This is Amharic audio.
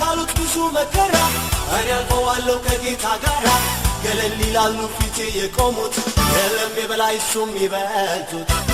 ካሉት ብዙ መከራ እኔ አልፈዋለሁ ከጌታ ጋራ ገለል ይላሉ ፊቴ የቆሙት የለም የበላይ እሱም ይበልጡት